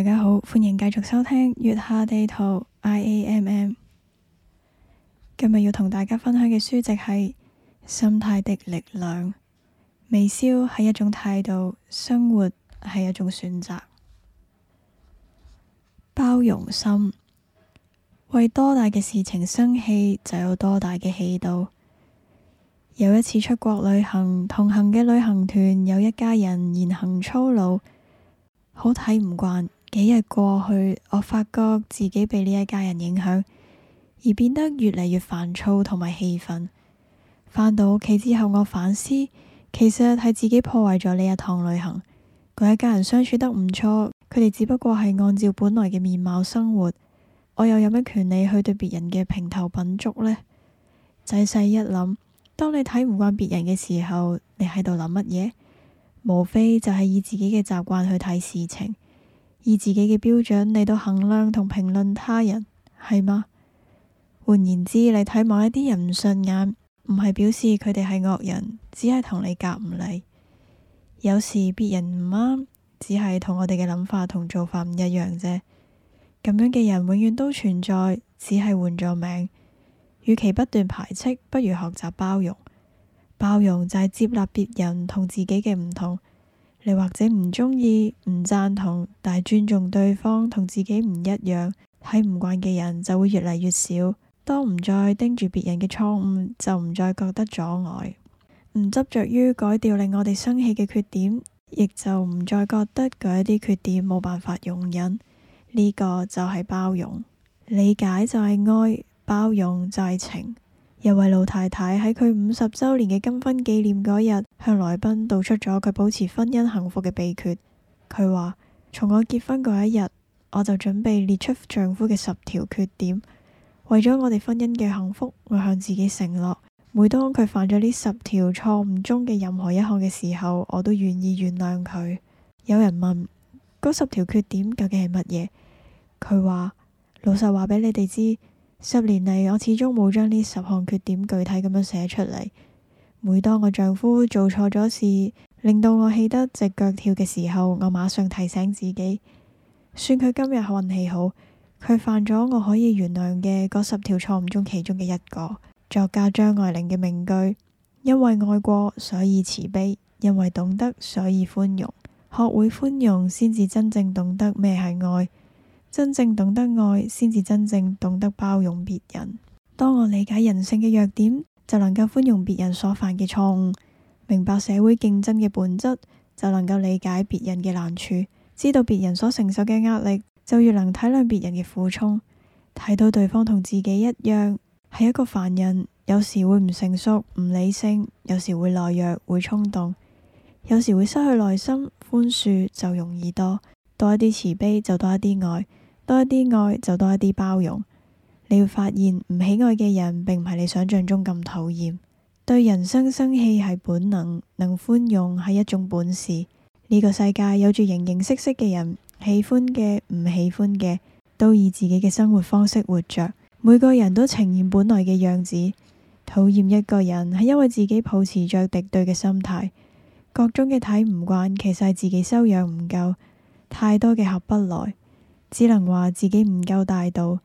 大家好，歡迎繼續收聽月下地圖 IAMM。今日要同大家分享嘅書籍係《心態的力量》。微笑係一種態度，生活係一種選擇。包容心，為多大嘅事情生氣就有多大嘅氣度。有一次出國旅行，同行嘅旅行團有一家人言行粗魯，好睇唔慣。幾日過去，我發覺自己被呢一家人影響，而變得越嚟越煩躁同埋氣憤。返到屋企之後，我反思，其實係自己破壞咗呢一趟旅行。嗰一家人相處得唔錯，佢哋只不過係按照本來嘅面貌生活。我又有咩權利去對別人嘅評頭品足呢？仔細一諗，當你睇唔慣別人嘅時候，你喺度諗乜嘢？無非就係以自己嘅習慣去睇事情。以自己嘅標準嚟到衡量同評論他人，係嗎？換言之，你睇某一啲人唔順眼，唔係表示佢哋係惡人，只係同你夾唔嚟。有時別人唔啱，只係同我哋嘅諗法同做法唔一樣啫。咁樣嘅人永遠都存在，只係換咗名。與其不斷排斥，不如學習包容。包容就係接納別人同自己嘅唔同。你或者唔鍾意、唔贊同，但係尊重對方同自己唔一樣，睇唔慣嘅人就會越嚟越少。當唔再盯住別人嘅錯誤，就唔再覺得阻礙，唔執着於改掉令我哋生氣嘅缺點，亦就唔再覺得嗰一啲缺點冇辦法容忍。呢、這個就係包容，理解就係愛，包容就係情。有位老太太喺佢五十周年嘅金婚紀念嗰日，向來賓道出咗佢保持婚姻幸福嘅祕訣。佢話：從我結婚嗰一日，我就準備列出丈夫嘅十條缺點，為咗我哋婚姻嘅幸福，我向自己承諾，每當佢犯咗呢十條錯誤中嘅任何一項嘅時候，我都願意原諒佢。有人問嗰十條缺點究竟係乜嘢？佢話：老實話畀你哋知。十年嚟，我始終冇將呢十項缺點具體咁樣寫出嚟。每當我丈夫做錯咗事，令到我氣得直腳跳嘅時候，我馬上提醒自己：「算佢今日運氣好，佢犯咗我可以原諒嘅嗰十條錯誤中其中嘅一個」。作家張愛玲嘅名句：「因為愛過，所以慈悲；因為懂得，所以寬容」。學會寬容，先至真正懂得咩係愛。真正懂得愛，先至真正懂得包容別人。當我理解人性嘅弱點，就能夠寬容別人所犯嘅錯誤；明白社會競爭嘅本質，就能夠理解別人嘅難處；知道別人所承受嘅壓力，就越能體諒別人嘅苦衷。睇到對方同自己一樣係一個凡人，有時會唔成熟、唔理性，有時會懦弱、會衝動，有時會失去耐心，寬恕就容易多，多一啲慈悲就多一啲愛。多一啲愛就多一啲包容，你會發現唔喜愛嘅人並唔係你想象中咁討厭。對人生生氣係本能，能寬容係一種本事。呢個世界有住形形色色嘅人，喜歡嘅、唔喜歡嘅，都以自己嘅生活方式活着。每個人都呈現本來嘅樣子。討厭一個人係因為自己抱持着敵對嘅心態，各種嘅睇唔慣其實係自己修養唔夠，太多嘅合不來，只能話自己唔夠大度。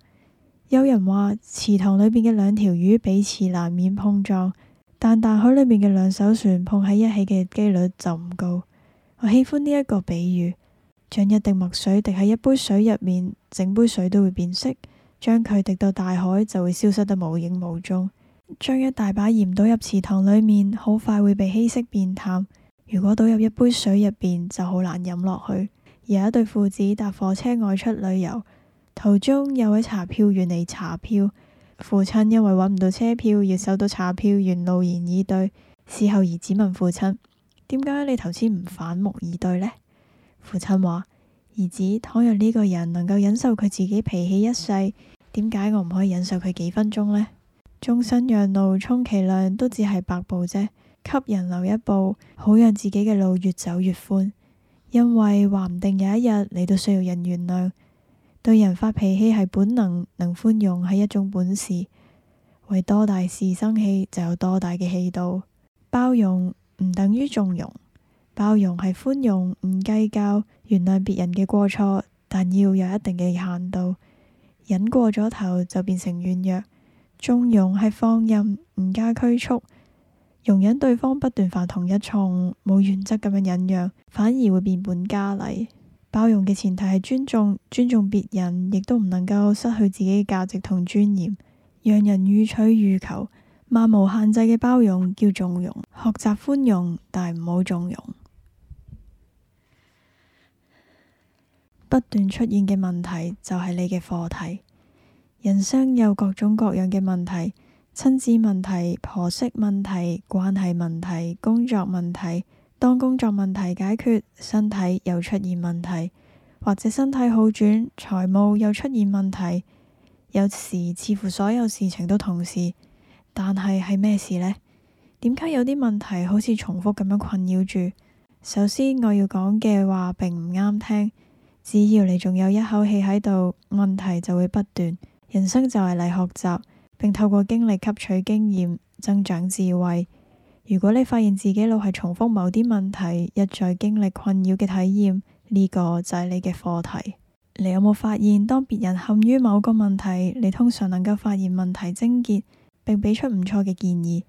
有人話池塘裏邊嘅兩條魚彼此難免碰撞，但大海裏面嘅兩艘船碰喺一起嘅幾率就唔高。我喜歡呢一個比喻：將一滴墨水滴喺一杯水入面，整杯水都會變色；將佢滴到大海，就會消失得無影無蹤。將一大把鹽倒入池塘裏面，好快會被稀釋變淡；如果倒入一杯水入邊，就好難飲落去。有一對父子搭火車外出旅遊，途中有位查票員嚟查票。父親因為揾唔到車票，要受到查票員怒言以對。事後，兒子問父親：點解你頭先唔反目以對呢？父親話：兒子，倘若呢個人能夠忍受佢自己脾氣一世，點解我唔可以忍受佢幾分鐘呢？終身讓路，充其量都只係百步啫，給人留一步，好讓自己嘅路越走越寬。因為話唔定有一日你都需要人原諒，對人發脾氣係本能，能寬容係一種本事。為多大事生氣就有多大嘅氣度。包容唔等於縱容，包容係寬容，唔計較原諒別人嘅過錯，但要有一定嘅限度。忍過咗頭就變成軟弱。縱容係放任，唔加拘束。容忍對方不斷犯同一錯誤，冇原則咁樣忍讓，反而會變本加厲。包容嘅前提係尊重，尊重別人，亦都唔能夠失去自己嘅價值同尊嚴。讓人予取予求，漫無限制嘅包容叫縱容。學習寬容，但唔好縱容。不斷出現嘅問題就係你嘅課題。人生有各種各樣嘅問題。親子問題、婆媳問題、關係問題、工作問題。當工作問題解決，身體又出現問題；或者身體好轉，財務又出現問題。有時似乎所有事情都同時，但係係咩事呢？點解有啲問題好似重複咁樣困擾住？首先我要講嘅話並唔啱聽。只要你仲有一口氣喺度，問題就會不斷。人生就係嚟學習。並透過經歷吸取經驗，增長智慧。如果你發現自己老係重複某啲問題，一再經歷困擾嘅體驗，呢個就係你嘅課題。你有冇發現，當別人陷於某個問題，你通常能夠發現問題症結，並俾出唔錯嘅建議。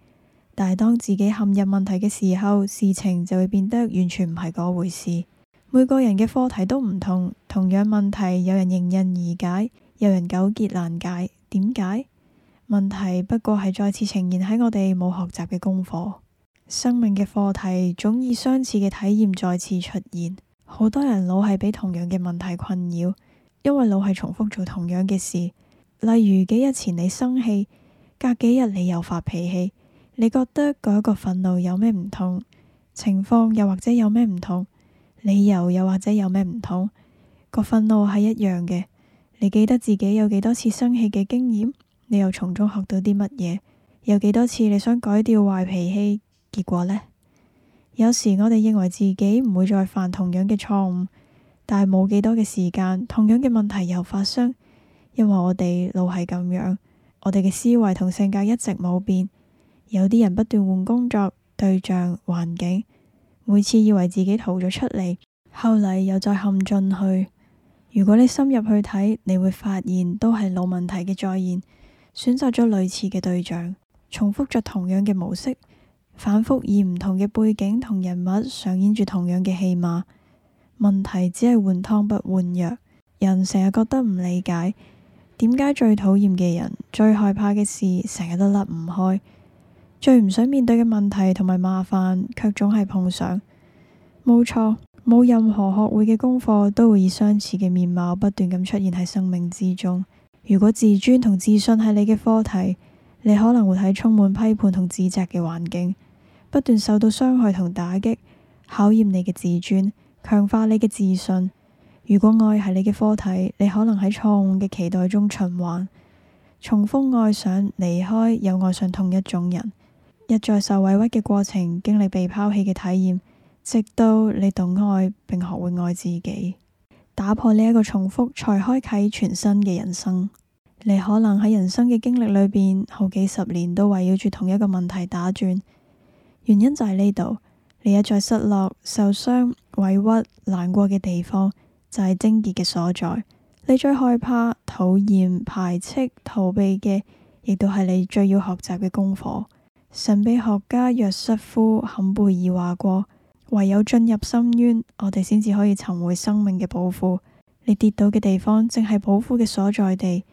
但係當自己陷入問題嘅時候，事情就會變得完全唔係嗰回事。每個人嘅課題都唔同，同樣問題有人迎刃而解，有人糾結難解，點解？問題不過係再次呈現喺我哋冇學習嘅功課，生命嘅課題總以相似嘅體驗再次出現。好多人老係俾同樣嘅問題困擾，因為老係重複做同樣嘅事。例如幾日前你生氣，隔幾日你又發脾氣，你覺得嗰一個憤怒有咩唔同？情況又或者有咩唔同？理由又或者有咩唔同？個憤怒係一樣嘅。你記得自己有幾多次生氣嘅經驗？你又從中學到啲乜嘢？有幾多次你想改掉壞脾氣，結果呢？有時我哋認為自己唔會再犯同樣嘅錯誤，但係冇幾多嘅時間，同樣嘅問題又發生，因為我哋老係咁樣，我哋嘅思維同性格一直冇變。有啲人不斷換工作、對象、環境，每次以為自己逃咗出嚟，後嚟又再陷進去。如果你深入去睇，你會發現都係老問題嘅再現。選擇咗類似嘅對象，重複着同樣嘅模式，反覆以唔同嘅背景同人物上演住同樣嘅戲碼。問題只係換湯不換藥，人成日覺得唔理解，點解最討厭嘅人、最害怕嘅事，成日都甩唔開，最唔想面對嘅問題同埋麻煩，卻總係碰上。冇錯，冇任何學會嘅功課都會以相似嘅面貌不斷咁出現喺生命之中。如果自尊同自信係你嘅課題，你可能會喺充滿批判同指責嘅環境，不斷受到傷害同打擊，考驗你嘅自尊，強化你嘅自信。如果愛係你嘅課題，你可能喺錯誤嘅期待中循環，重複愛上，離開又愛上同一種人，一再受委屈嘅過程，經歷被拋棄嘅體驗，直到你懂愛，並學會愛自己。打破呢一個重複，才開啟全新嘅人生。你可能喺人生嘅經歷裏邊，好幾十年都圍繞住同一個問題打轉，原因就係呢度。你一再失落、受傷、委屈、難過嘅地方，就係、是、症結嘅所在。你最害怕、討厭、排斥、逃避嘅，亦都係你最要學習嘅功課。神秘學家約瑟夫·坎貝爾話過。唯有進入深淵，我哋先至可以尋回生命嘅寶庫。你跌倒嘅地方，正係寶庫嘅所在地。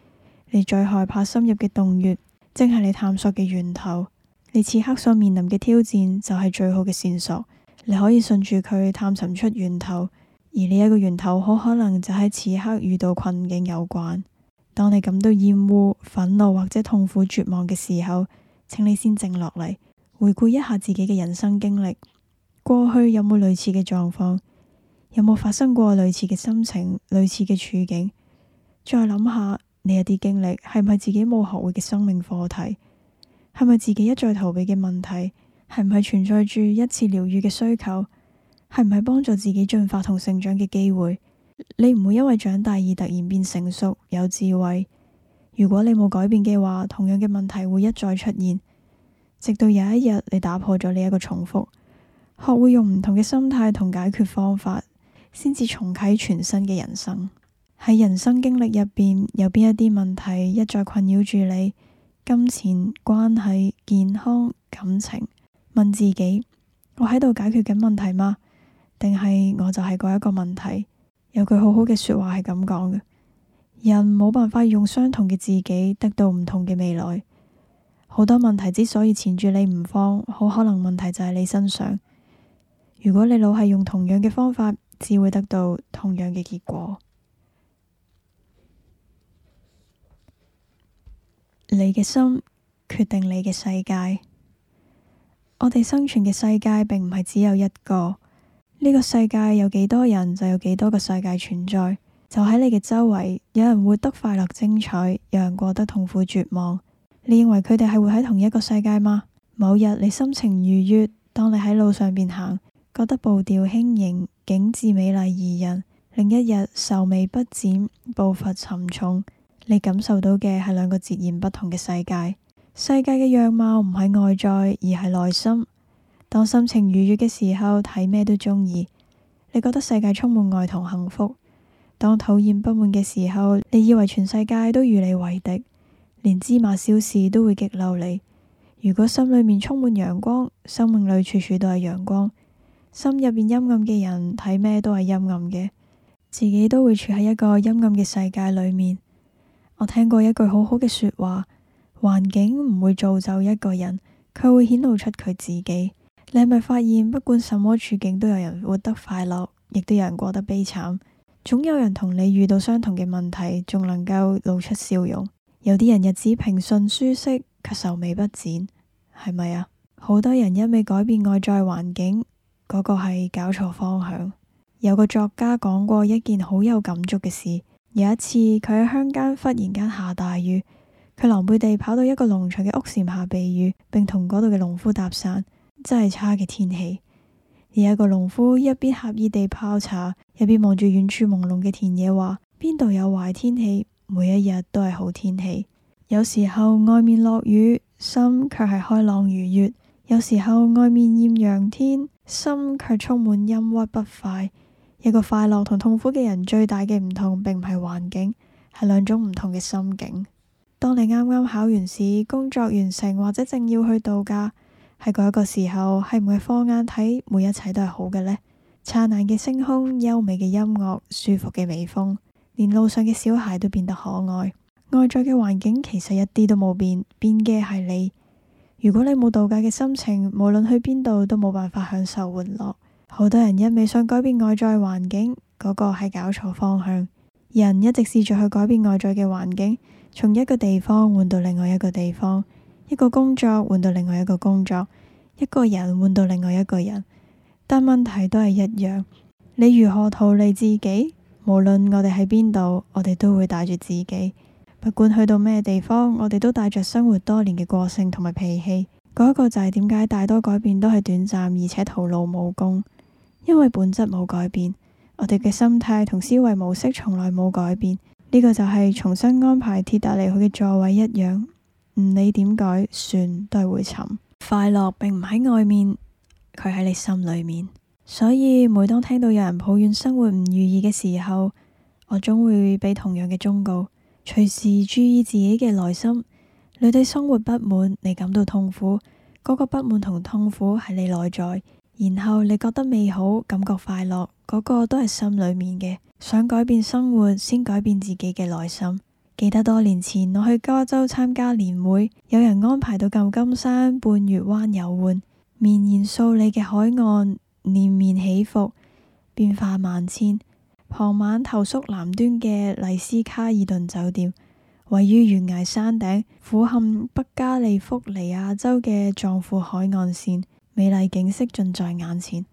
你最害怕深入嘅洞穴，正係你探索嘅源頭。你此刻所面臨嘅挑戰，就係最好嘅線索。你可以順住佢探尋出源頭，而呢一個源頭，好可能就喺此刻遇到困境有關。當你感到厭惡、憤怒或者痛苦、絕望嘅時候，請你先靜落嚟，回顧一下自己嘅人生經歷。過去有冇類似嘅狀況？有冇發生過類似嘅心情、類似嘅處境？再諗下，你有一啲經歷係咪自己冇學會嘅生命課題？係咪自己一再逃避嘅問題？係唔係存在住一次療癒嘅需求？係唔係幫助自己進化同成長嘅機會？你唔會因為長大而突然變成熟、有智慧。如果你冇改變嘅話，同樣嘅問題會一再出現，直到有一日你打破咗呢一個重複。學會用唔同嘅心態同解決方法，先至重啟全新嘅人生。喺人生經歷入邊，有邊一啲問題一再困擾住你？金錢、關係、健康、感情，問自己：我喺度解決緊問題嗎？定係我就係嗰一個問題？有句好好嘅說話係咁講嘅：人冇辦法用相同嘅自己得到唔同嘅未來。好多問題之所以纏住你唔放，好可能問題就喺你身上。如果你老係用同樣嘅方法，只會得到同樣嘅結果。你嘅心，決定你嘅世界。我哋生存嘅世界並唔係只有一個呢，這個世界有，有幾多人就有幾多個世界存在。就喺你嘅周圍，有人活得快樂精彩，有人過得痛苦絕望。你認為佢哋係活喺同一個世界嗎？某日你心情愉悅，當你喺路上邊行。覺得步調輕盈，景致美麗怡人；另一日愁眉不展，步伐沉重。你感受到嘅係兩個截然不同嘅世界。世界嘅樣貌唔係外在，而係內心。當心情愉悅嘅時候，睇咩都鍾意；你覺得世界充滿愛同幸福。當討厭不滿嘅時候，你以為全世界都與你為敵，連芝麻小事都會激嬲你。如果心裏面充滿陽光，生命裏處處都係陽光。心入邊陰暗嘅人睇咩都係陰暗嘅，自己都會處喺一個陰暗嘅世界裏面。我聽過一句好好嘅說話，環境唔會造就一個人，佢會顯露出佢自己。你係咪發現，不管什麼處境，都有人活得快樂，亦都有人過得悲慘。總有人同你遇到相同嘅問題，仲能夠露出笑容。有啲人日子平順舒適，卻愁眉不展，係咪啊？好多人一味改變外在環境。嗰個係搞錯方向。有個作家講過一件好有感觸嘅事。有一次，佢喺鄉間忽然間下大雨，佢狼狽地跑到一個農場嘅屋檐下避雨，並同嗰度嘅農夫搭訕。真係差嘅天氣，而有一個農夫一邊合意地泡茶，一邊望住遠處朦朧嘅田野話，話邊度有壞天氣，每一日都係好天氣。有時候外面落雨，心卻係開朗愉悅；有時候外面艷陽天，心卻充滿陰鬱不快。一個快樂同痛苦嘅人最大嘅唔同，並唔係環境，係兩種唔同嘅心境。當你啱啱考完試、工作完成或者正要去度假，喺嗰一個時候，係唔係放眼睇，每一切都係好嘅呢？燦爛嘅星空、優美嘅音樂、舒服嘅微風，連路上嘅小孩都變得可愛。外在嘅環境其實一啲都冇變，變嘅係你。如果你冇度假嘅心情，無論去邊度都冇辦法享受玩樂。好多人一味想改變外在環境，嗰個係搞錯方向。人一直試住去改變外在嘅環境，從一個地方換到另外一個地方，一個工作換到另外一個工作，一個人換到另外一個人，但問題都係一樣。你如何逃離自己？無論我哋喺邊度，我哋都會帶住自己。不管去到咩地方，我哋都帶着生活多年嘅個性同埋脾氣。嗰個就係點解大多改變都係短暫，而且徒勞無功，因為本質冇改變。我哋嘅心態同思維模式從來冇改變，呢個就係重新安排鐵達尼號嘅座位一樣，唔理點改，船都係會沉。快樂並唔喺外面，佢喺你心裏面。所以每當聽到有人抱怨生活唔如意嘅時候，我總會俾同樣嘅忠告。隨時注意自己嘅內心，你對生活不滿，你感到痛苦，嗰個不滿同痛苦喺你內在，然後你覺得美好，感覺快樂，嗰個都係心裏面嘅。想改變生活，先改變自己嘅內心。記得多年前我去加州參加年會，有人安排到舊金山半月灣遊玩，綿延數里嘅海岸連綿起伏，變化萬千。傍晚投宿南端嘅麗思卡爾頓酒店，位於懸崖山頂，俯瞰北加利福尼亞州嘅壯闊海岸線，美麗景色盡在眼前。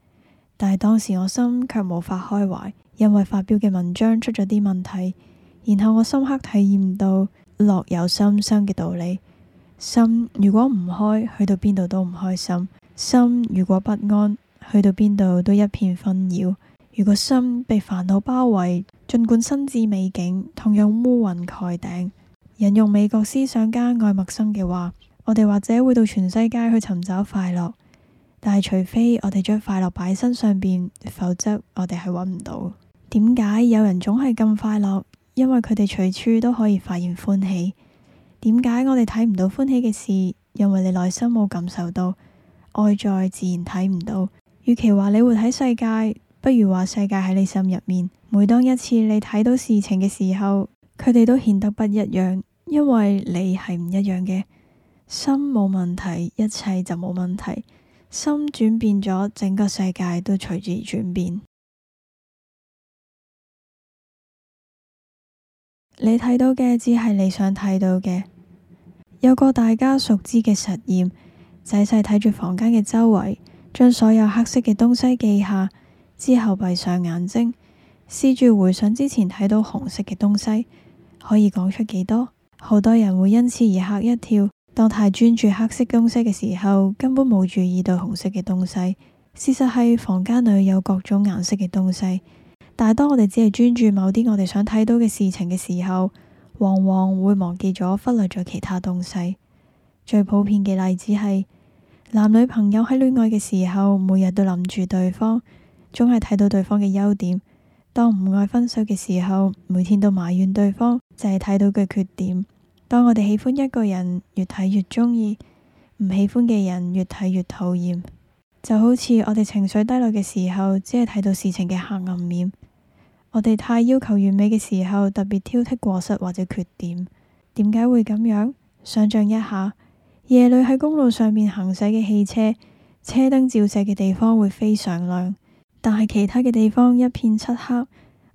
但係當時我心卻無法開懷，因為發表嘅文章出咗啲問題。然後我深刻體驗到樂由心生嘅道理：心如果唔開，去到邊度都唔開心；心如果不安，去到邊度都一片紛擾。如果心被煩惱包圍，儘管身至美景，同樣烏雲蓋頂。引用美國思想家愛默生嘅話：我哋或者會到全世界去尋找快樂，但係除非我哋將快樂擺喺身上邊，否則我哋係搵唔到。點解有人總係咁快樂？因為佢哋隨處都可以發現歡喜。點解我哋睇唔到歡喜嘅事？因為你內心冇感受到，外在自然睇唔到。與其話你活喺世界，不如話世界喺你心入面。每當一次你睇到事情嘅時候，佢哋都顯得不一樣，因為你係唔一樣嘅。心冇問題，一切就冇問題。心轉變咗，整個世界都隨住轉變。你睇到嘅只係你想睇到嘅。有個大家熟知嘅實驗，仔細睇住房間嘅周圍，將所有黑色嘅東西記下。之後閉上眼睛，試住回想之前睇到紅色嘅東西，可以講出幾多？好多人會因此而吓一跳。當太專注黑色東西嘅時候，根本冇注意到紅色嘅東西。事實係房間裏有各種顏色嘅東西，但係當我哋只係專注某啲我哋想睇到嘅事情嘅時候，往往會忘記咗忽略咗其他東西。最普遍嘅例子係男女朋友喺戀愛嘅時候，每日都諗住對方。總係睇到對方嘅優點。當唔愛分手嘅時候，每天都埋怨對方，就係睇到佢缺點。當我哋喜歡一個人，越睇越鍾意；唔喜歡嘅人越睇越討厭。就好似我哋情緒低落嘅時候，只係睇到事情嘅黑暗面。我哋太要求完美嘅時候，特別挑剔過失或者缺點。點解會咁樣？想象一下，夜裏喺公路上面行駛嘅汽車，車燈照射嘅地方會非常亮。但係其他嘅地方一片漆黑，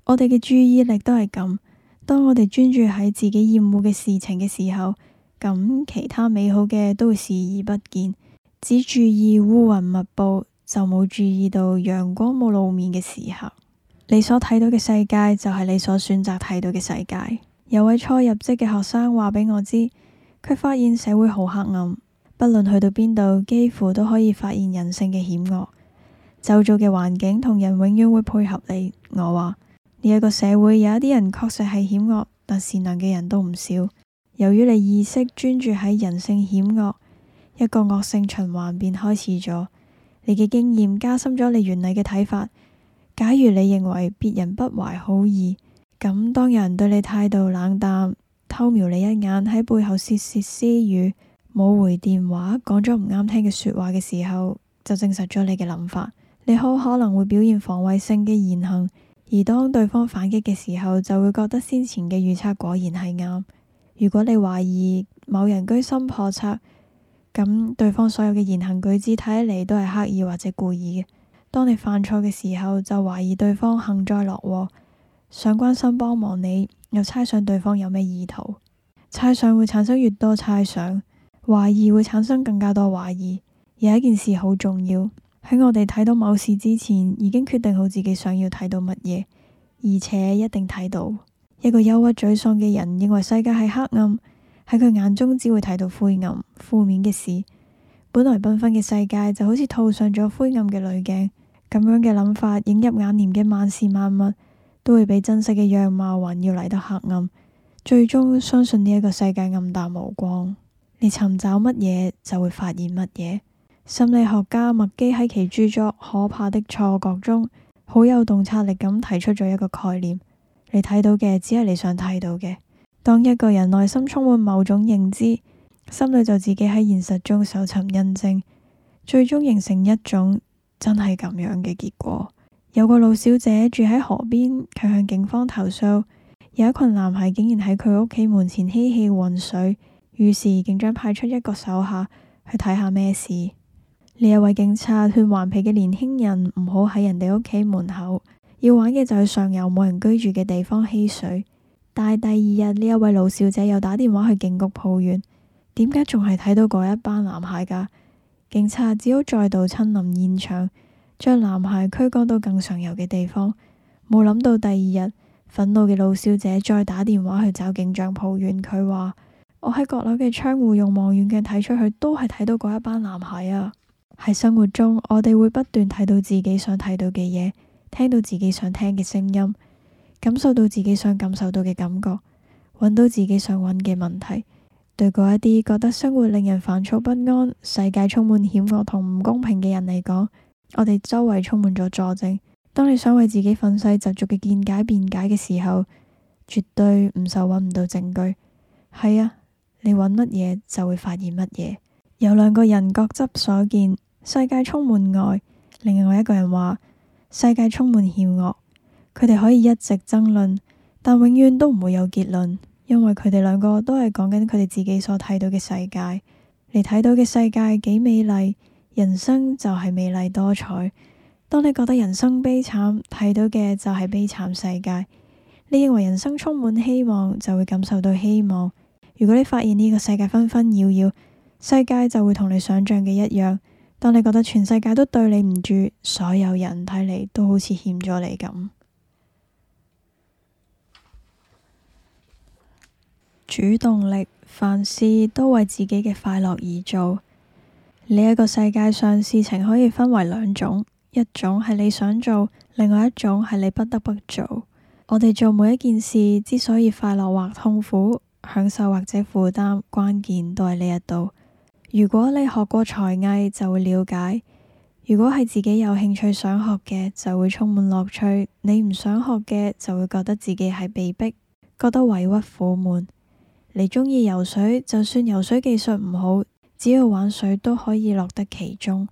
我哋嘅注意力都係咁。當我哋專注喺自己厭惡嘅事情嘅時候，咁其他美好嘅都會視而不見，只注意烏雲密布，就冇注意到陽光冇露面嘅時候。你所睇到嘅世界就係你所選擇睇到嘅世界。有位初入職嘅學生話畀我知，佢發現社會好黑暗，不論去到邊度，幾乎都可以發現人性嘅險惡。周遭嘅環境同人永遠會配合你。我話呢一個社會有一啲人確實係險惡，但善良嘅人都唔少。由於你意識專注喺人性險惡，一個惡性循環便開始咗。你嘅經驗加深咗你原嚟嘅睇法。假如你認為別人不懷好意，咁當有人對你態度冷淡，偷瞄你一眼，喺背後竊竊私語，冇回電話，講咗唔啱聽嘅說話嘅時候，就證實咗你嘅諗法。你好可能會表現防衛性嘅言行，而當對方反擊嘅時候，就會覺得先前嘅預測果然係啱。如果你懷疑某人居心叵測，咁對方所有嘅言行舉止睇起嚟都係刻意或者故意嘅。當你犯錯嘅時候，就懷疑對方幸災樂禍，想關心幫忙你，又猜想對方有咩意圖。猜想會產生越多猜想，懷疑會產生更加多懷疑。有一件事好重要。喺我哋睇到某事之前，已經決定好自己想要睇到乜嘢，而且一定睇到。一個憂鬱沮喪嘅人認為世界係黑暗，喺佢眼中只會睇到灰暗、負面嘅事。本來繽紛嘅世界就好似套上咗灰暗嘅濾鏡，咁樣嘅諗法，映入眼簾嘅萬事萬物都會比真實嘅樣貌還要嚟得黑暗。最終相信呢一個世界暗淡無光，你尋找乜嘢就會發現乜嘢。心理學家麥基喺其著作《可怕的錯覺》中，好有洞察力咁提出咗一個概念。你睇到嘅只係你想睇到嘅。當一個人內心充滿某種認知，心裏就自己喺現實中搜尋印證，最終形成一種真係咁樣嘅結果。有個老小姐住喺河邊，佢向警方投訴，有一群男孩竟然喺佢屋企門前嬉戲混水，於是警長派出一個手下去睇下咩事。呢一位警察勸頑皮嘅年輕人唔好喺人哋屋企門口，要玩嘅就去上游冇人居住嘅地方嬉水。但係第二日呢一位老小姐又打電話去警局，抱怨，點解仲係睇到嗰一班男孩噶？警察只好再度親臨現場，將男孩驅趕到更上游嘅地方。冇諗到第二日，憤怒嘅老小姐再打電話去找警長抱怨，佢話，我喺閣樓嘅窗戶用望遠鏡睇出去，都係睇到嗰一班男孩啊！喺生活中，我哋會不斷睇到自己想睇到嘅嘢，聽到自己想聽嘅聲音，感受到自己想感受到嘅感覺，揾到自己想揾嘅問題。對嗰一啲覺得生活令人煩躁不安、世界充滿險惡同唔公平嘅人嚟講，我哋周圍充滿咗佐證。當你想為自己憤世嫉俗嘅見解辯解嘅時候，絕對唔愁揾唔到證據。係啊，你揾乜嘢就會發現乜嘢。有兩個人各執所見。世界充滿愛，另外一個人話世界充滿險惡，佢哋可以一直爭論，但永遠都唔會有結論，因為佢哋兩個都係講緊佢哋自己所睇到嘅世界。你睇到嘅世界幾美麗，人生就係美麗多彩。當你覺得人生悲慘，睇到嘅就係悲慘世界。你認為人生充滿希望，就會感受到希望。如果你發現呢個世界紛紛擾擾，世界就會同你想象嘅一樣。當你覺得全世界都對你唔住，所有人睇嚟都好似欠咗你咁。主動力，凡事都為自己嘅快樂而做。呢一個世界上事情可以分為兩種，一種係你想做，另外一種係你不得不做。我哋做每一件事之所以快樂或痛苦、享受或者負擔，關鍵都係呢一度。如果你學過才藝就會了解，如果係自己有興趣想學嘅就會充滿樂趣，你唔想學嘅就會覺得自己係被逼，覺得委屈苦悶。你鍾意游水，就算游水技術唔好，只要玩水都可以樂得其中。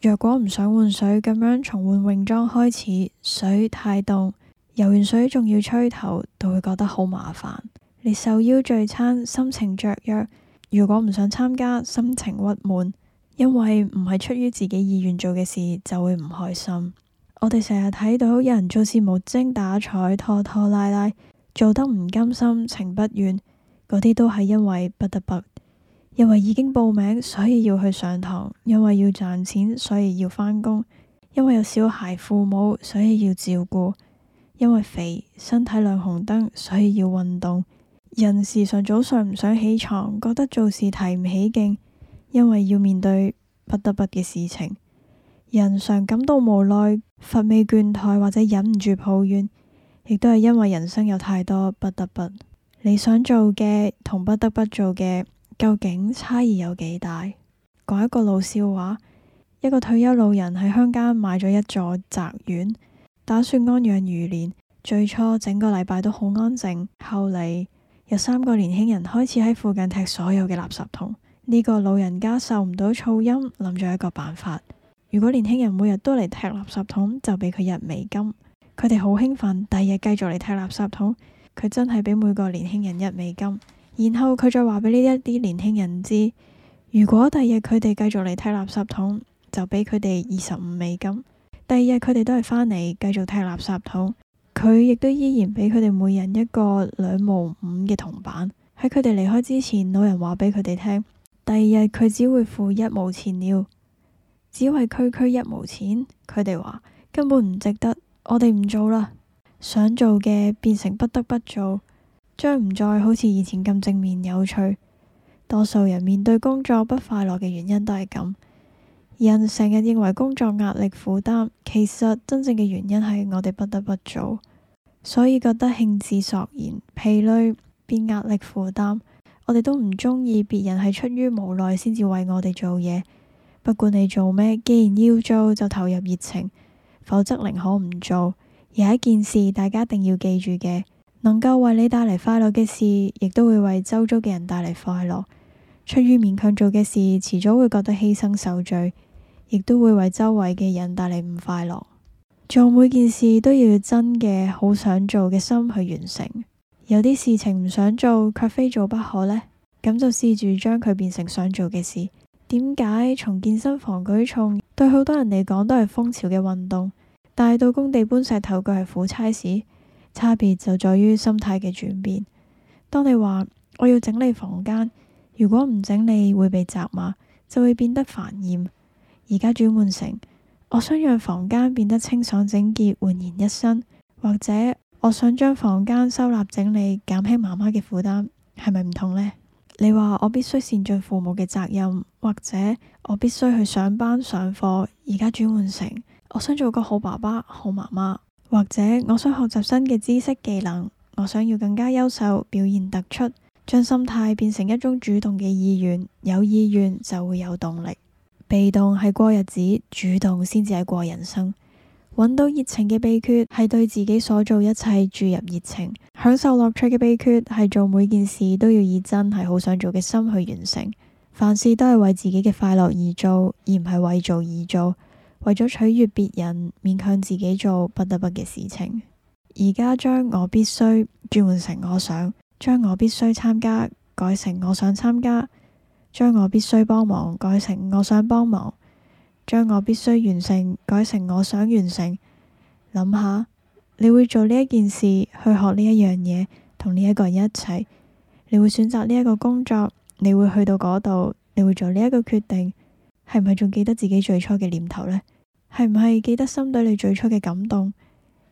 若果唔想換水咁樣，從換泳裝開始，水太凍，游完水仲要吹頭，都會覺得好麻煩。你受邀聚餐，心情雀躍。如果唔想參加，心情鬱悶，因為唔係出於自己意願做嘅事，就會唔開心。我哋成日睇到有人做事無精打采、拖拖拉拉，做得唔甘心情不願，嗰啲都係因為不得不，因為已經報名所以要去上堂，因為要賺錢所以要返工，因為有小孩父母所以要照顧，因為肥身體亮紅燈所以要運動。人時常早上唔想起床，覺得做事提唔起勁，因為要面對不得不嘅事情。人常感到無奈、乏味、倦怠，或者忍唔住抱怨，亦都係因為人生有太多不得不。你想做嘅同不得不做嘅，究竟差異有幾大？講一個老笑話：一個退休老人喺鄉間買咗一座宅院，打算安養餘年。最初整個禮拜都好安靜，後嚟。有三個年輕人開始喺附近踢所有嘅垃圾桶。呢、呢個老人家受唔到噪音，諗咗一個辦法：如果年輕人每日都嚟踢垃圾桶，就俾佢一美金。佢哋好興奮，第二日繼續嚟踢垃圾桶。佢真係俾每個年輕人一美金。然後佢再話俾呢一啲年輕人知：如果第二日佢哋繼續嚟踢垃圾桶，就俾佢哋二十五美金。第二日佢哋都係返嚟繼續踢垃圾桶。佢亦都依然畀佢哋每人一個兩毛五嘅銅板，喺佢哋離開之前，老人話畀佢哋聽：第二日佢只會付一毛錢了，只為區區一毛錢，佢哋話根本唔值得，我哋唔做啦。想做嘅變成不得不做，將唔再好似以前咁正面有趣。多數人面對工作不快樂嘅原因都係咁。人成日認為工作壓力負擔，其實真正嘅原因係我哋不得不做，所以覺得興致索然、疲累變壓力負擔。我哋都唔鍾意別人係出於無奈先至為我哋做嘢，不管你做咩，既然要做就投入熱情，否則寧可唔做。而係一件事大家一定要記住嘅，能夠為你帶嚟快樂嘅事，亦都會為周遭嘅人帶嚟快樂。出於勉強做嘅事，遲早會覺得犧牲受罪。亦都會為周圍嘅人帶嚟唔快樂。做每件事都要真嘅好想做嘅心去完成。有啲事情唔想做卻非做不可呢，咁就試住將佢變成想做嘅事。點解從健身房舉重對好多人嚟講都係風潮嘅運動，但係到工地搬石頭佢係苦差事，差別就在於心態嘅轉變。當你話我要整理房間，如果唔整理會被責罵，就會變得煩厭。而家轉換成，我想讓房間變得清爽整潔，煥然一新，或者我想將房間收納整理，減輕媽媽嘅負擔，係咪唔同呢？你話我必須善盡父母嘅責任，或者我必須去上班上課。而家轉換成，我想做個好爸爸、好媽媽，或者我想學習新嘅知識技能，我想要更加優秀，表現突出，將心態變成一種主動嘅意願，有意願就會有動力。被動係過日子，主動先至係過人生。揾到熱情嘅秘訣係對自己所做一切注入熱情。享受樂趣嘅秘訣係做每件事都要以真係好想做嘅心去完成。凡事都係為自己嘅快樂而做，而唔係為做而做。為咗取悅別人，勉強自己做不得不嘅事情。而家將我必須轉換成我想，將我必須參加，改成我想參加。將我必須幫忙改成我想幫忙，將我必須完成改成我想完成。諗下，你會做呢一件事，去學呢一樣嘢，同呢一個人一齊，你會選擇呢一個工作，你會去到嗰度，你會做呢一個決定，係唔係仲記得自己最初嘅念頭呢？係唔係記得心底你最初嘅感動？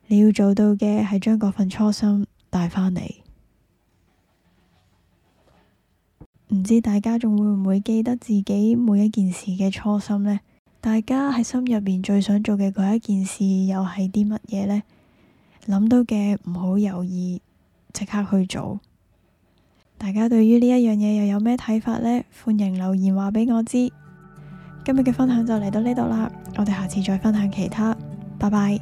你要做到嘅係將嗰份初心帶返嚟。唔知大家仲會唔會記得自己每一件事嘅初心呢？大家喺心入邊最想做嘅嗰一件事又係啲乜嘢呢？諗到嘅唔好猶豫，即刻去做。大家對於呢一樣嘢又有咩睇法呢？歡迎留言話俾我知。今日嘅分享就嚟到呢度啦，我哋下次再分享其他。拜拜。